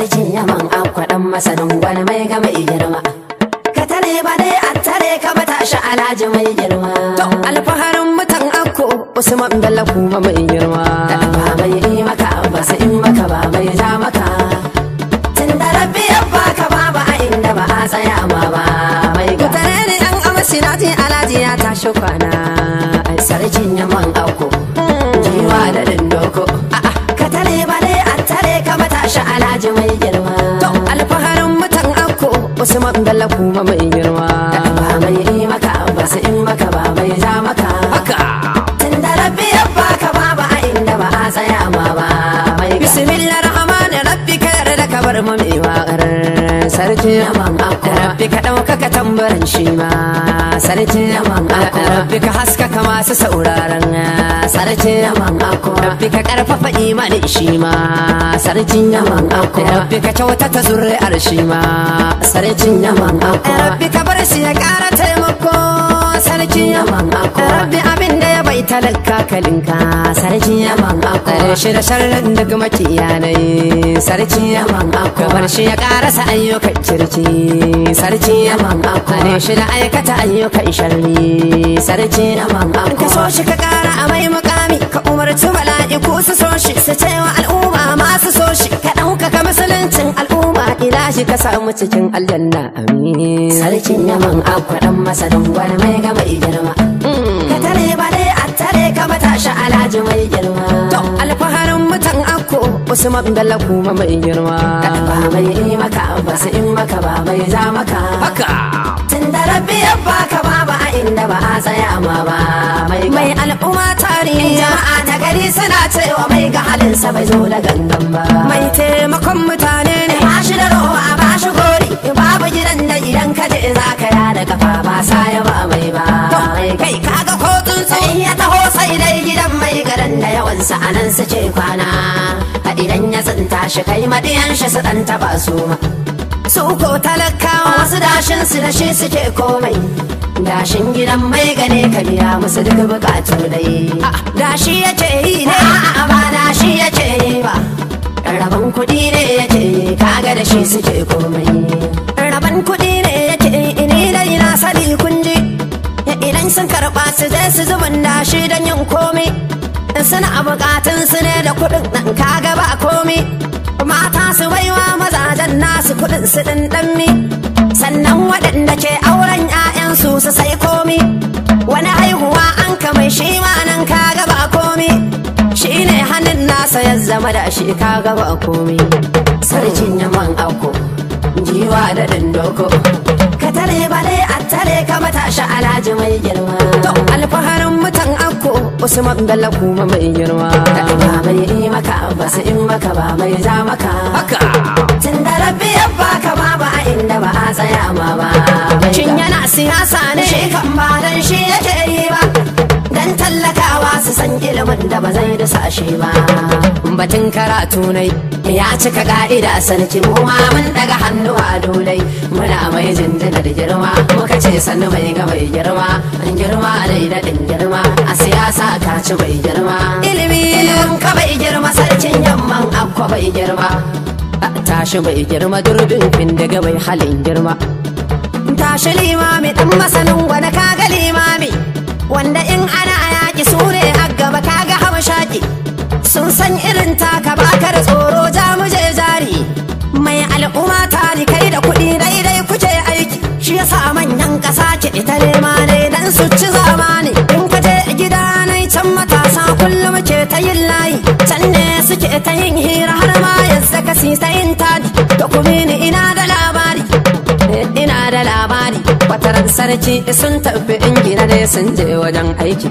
man yaman akwadan masanin gwani mai gama girma ka tare ba dai a tare ka bata shi alhaji mai girma to alfaharin mutan akko usman bala kuma mai girma ba mai yi maka ba sai in maka ba mai ja maka tun da rabbi ba ka ba ba a inda ba a tsaya ma ba mai ga tare ne an amsi lati alhaji ya tashi kwana sarkin yaman akko hmm. jiwa da dindoko a'a shi alhaji mai girma to alfaharin mutan akko usman bello kuma mai girma ba mai yi maka ba su in maka ba mai ja maka haka tun da rabbi ya baka ba ba a inda ba a tsaya ma ba bismillah rabbi ka yarda ka bar mu mai waƙar sarki rabbi ka ɗaukaka barin shi ma sarki yaman ako rabbi ka haskaka masu sauraron eh. sarki yaman ako rabbi ka karfafa imanin shi ma sarki yaman ako rabbi ka kyautata zuri'ar shi ma sarki yaman ako rabbi ka bar shi ya kara taimako sarki yaman ako rabbi abin talaka kalinka sarki yaman akwa kare shi da sharrin kuma kiyanai sarki yaman akwa bar shi ya karasa ayyukan kirki sarki yaman akwa kare shi da aikata ayyukan sharri sarki yaman akwa ka so shi ka kara a mai mukami ka umarci mala'iku su so shi su ce wa al'umma masu so shi ka dauka ka musuluncin al'umma ila shi ka samu cikin aljanna amin sarkin yaman akwa dan masa dan dangwar mai gama girma ka tare ba mata tashi alhaji mai girma to alfaharin mutan akko usman bello kuma mai girma ba mai yi maka ba su in maka ba mai za maka haka tun da rabbi ya baka ba ba a inda ba a tsaya ma ba mai al'umma tare jama'a ta gari suna cewa mai ga halinsa bai zo da gangan ba mai sa a nan ce kwana a idan ya tsinta shi kai maɗiyan shi su ɗan taɓa su ma su ko talakawa wasu dashin su da shi suke komai dashin gidan mai gane ka biya musu duk bukatu dai ah, dashi ya ce yi ne a ah, ba dashi ya ce yi ba rabon kudi ne ya ce kaga da shi suke komai rabon kudi ne ya ce ini dai na sani kunji idan sun karɓa su zai su zuban dashi don yin komai suna bukatun su ne da kuɗin nan kaga ba komi mata su baiwa mazajen nasu kuɗin su ɗanɗanmi sannan waɗanda ke auren 'ya'yansu su sai komi wani haihuwa an kamai shi ma nan kaga ba komi shi ne hannun nasa ya zama da shi kaga ba komi sarkin yaman ako jiwa da dindoko ka tare bale a tare ka shi alhaji mai girma to alfaharin mutan ko Usman Bello kuma mai girma ba mai yi maka ba su in maka ba mai ja maka haka tun da rabbi ya baka ba ba inda ba a tsaya ma ba shin yana siyasa ne shi kan ba dan shi yake yi ba su san ilimin da ba zai da sashe ba batun karatu nai ya cika gaida sarki muwa mun daga hannu a dolai muna mai jinjinar girma muka ce sannu mai ga mai girma an girma dai din girma a siyasa ta ci mai girma ilimi ka bai girma sarkin yamman akwa bai girma tashi bai girma durbin fin daga bai halin girma tashi limami ɗan masanin wani kaga limami wanda in ana aya sun san irin taka baka da tsoro jamuje mu jari mai al'umma tari kai da kuɗi daidai kuke aiki shi yasa manyan ƙasa ke ita nema ne dan su ci zamani in kaje je gida nai can matasa kullum ke ta yin layi can ne suke ta yin hira kwanaki sun tafi ingina dai sun je wajen aiki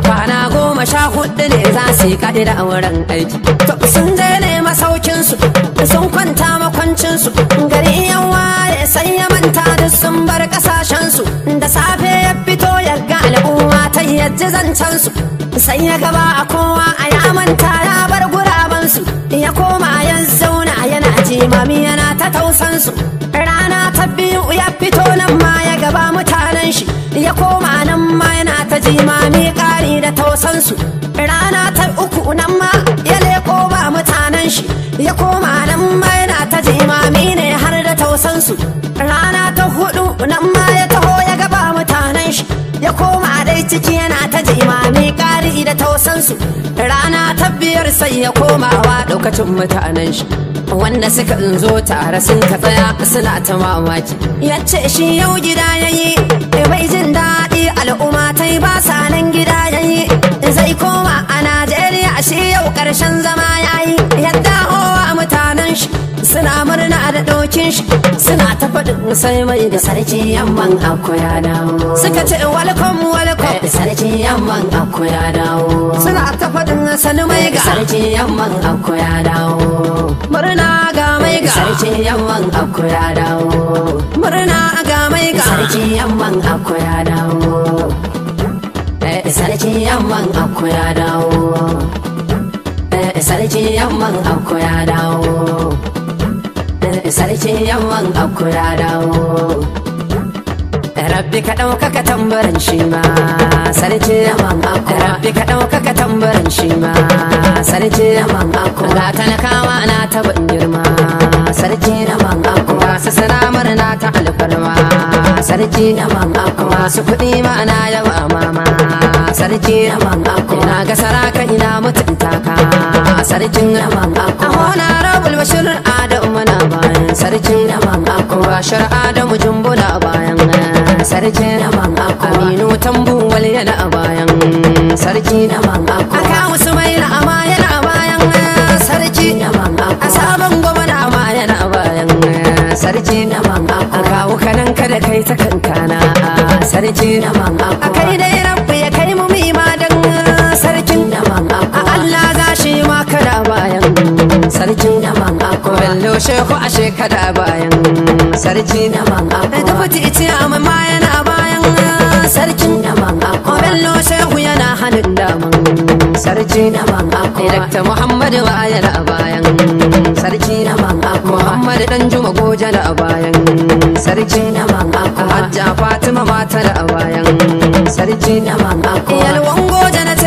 kwana goma sha hudu ne za su yi kaɗi a wurin aiki to sun je ne masaukin su. sun kwanta makwancin su. gari yan waye sai ya manta duk sun bar su. da safe ya fito ya ga al'umma ta zancen su. sai ya gaba a kowa a ya manta ya bar su. ya koma ya zauna yana jimami yana ta tausansu ya fito nan ma ya gaba mutanen shi ya koma nan ma yana ta jimami ƙari da tausansu rana ta uku nan ma ya leko ba mutanen shi ya koma nan ma yana ta jimami ne har da tausansu rana ta hudu nan ma ya taho ya gaba mutanen shi ya koma dai ciki yana ta jimami ƙari da tausansu rana ta biyar sai ya komawa lokacin mutanen shi wanda suka zo tare sun ka tsaya suna ta mamaki ya ce shi yau gida yayi yi bai jin daɗi al'umma ta yi ba sa nan gida ya yi zai koma a najeriya shi yau ƙarshen zama ya yi yadda hawa mutanen shi suna murna da ɗokin shi suna sai mai da sarki yamman akuya dawo suka ce welcome welcome sarki yamman akuya dawo suna ta faɗin sani mai ga sarki yamman akuya dawo murna ga mai ga sarki yamman akuya dawo murna ga mai ga sarki yamman akuya dawo sarki yamman akuya dawo sarki yamman akuya dawo sarkin yawan hakura dawo rabbi ka ɗaukaka tambarin shi ma sarki yawan ako rabbi ka ɗaukaka tambarin shi ma sarki yawan ako ga talakawa na taɓin girma sarki yawan ako masu sanamar na ta alfarma sarki yaman ako su kuɗi ma na yawa mama sarki yawan ako na ga saraka ina mutunta ka sarkin yaman ako na rabul bashir adam na ba sarki ba shar'a da mujumbula a bayan sarki aminu tambu yana a bayan sarki aka musu mai na amaya a bayan sarki a sabon goma na amaya a bayan sarki a kawo kanan kada kai ta kankana sarki a kai da Bello shehu a shekara bayan sarki na manga da fati iti amma ma yana bayan sarkin na manga Bello shehu yana hannun daman sarki na manga Dr. Muhammadu Wayar a bayan sarki na manga Muhammadu Danjuma Goja a bayan sarki na manga Hajja Fatima Mata a bayan sarki na manga Yalwan Goja na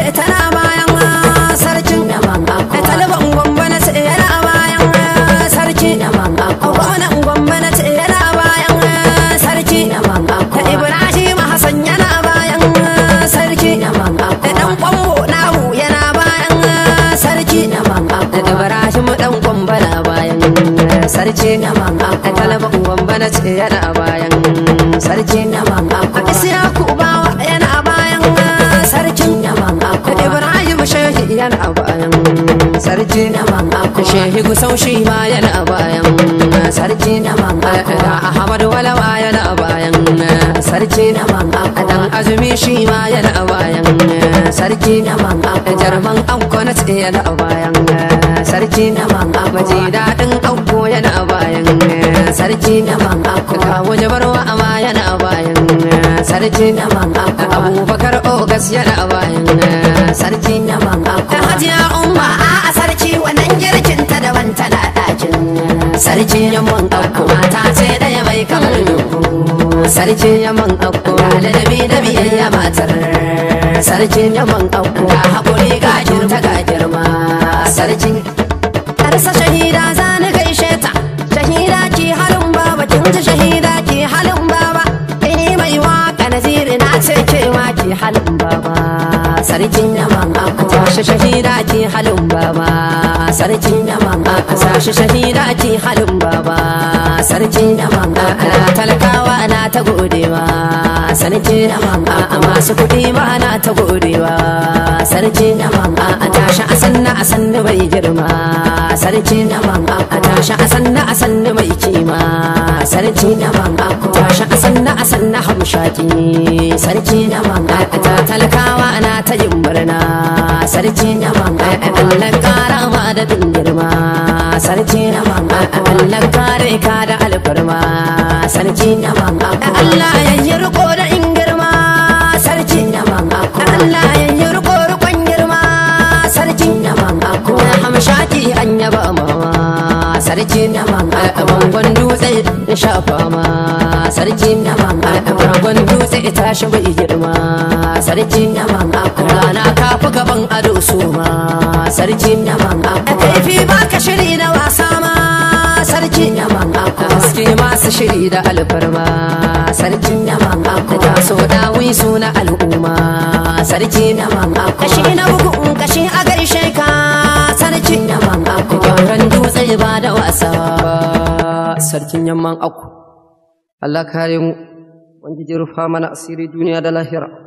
sarki na mamako ko kalaba uban bana ce yana a bayan sarki na mamako a isiya ku bawa yana a bayan sarki na mamako ko ibrahim shehi yana a bayan sarki na mamako shehi gusau shi ma yana a bayan sarki na mamako ko ahmad walawa yana a bayan sarki na mamako ko dan azumi shi ma yana a bayan sarki na mamako jarman anko na ce yana a bayan sarki na ban ji daɗin kanko yana bayan sarki na ban ka wani barwa ama yana bayan sarki na ban abu abubakar ogas yana bayan sarki na ban ako hajiya umma a a sarki wannan girkin ta da wanta tana ɗakin sarki ya man abu mata ce ɗaya mai kamar yau sarki ya man ako ladabi da ya matar sarkin yaman auku ga haƙuri ga girma ga girma sarki isa shahida zani gaishe ta shahida ki halin baba kin ji shahida ki halin baba ini mai waka naziri na ce kewa ki halin baba sarkin yaman akwa shi shahida ki halin baba sarkin yaman akwa shi shahida ki halin baba sarkin yaman akwa talakawa na ta godewa sarki yaman akwa masu kuɗi ma na ta godewa sarkin yaman a tashi a sanna a sandu mai girma sarki na ban ko tashi a sandu a sandu mai kima sarki na ban ko tashi a sandu a sandu hamshaki sarki na ban ko ta talakawa ana ta yin murna sarki na ban ko Allah kara ma da bin girma sarki na ban a Allah kare ka da alfarma sarki na ban a Allah ya yi riko da in girma sarki na ban ko Allah an ba mama sarki na mama bangon dutse na shafa ma sarki na mama a bangon dutse ta shi bai girma sarki na mama rana ka fi gaban ado su ma sarki na mama a kaifi ba ka shiri na wasa ma sarki na mama haske masu shiri da alfarma sarki na mama kuma so dawi suna al'umma sarki na mama kashi na bugun kashi a yi ba da wasa sarkin yamman aku Allah kare mu wanda ji rufa mana asiri duniya da lahira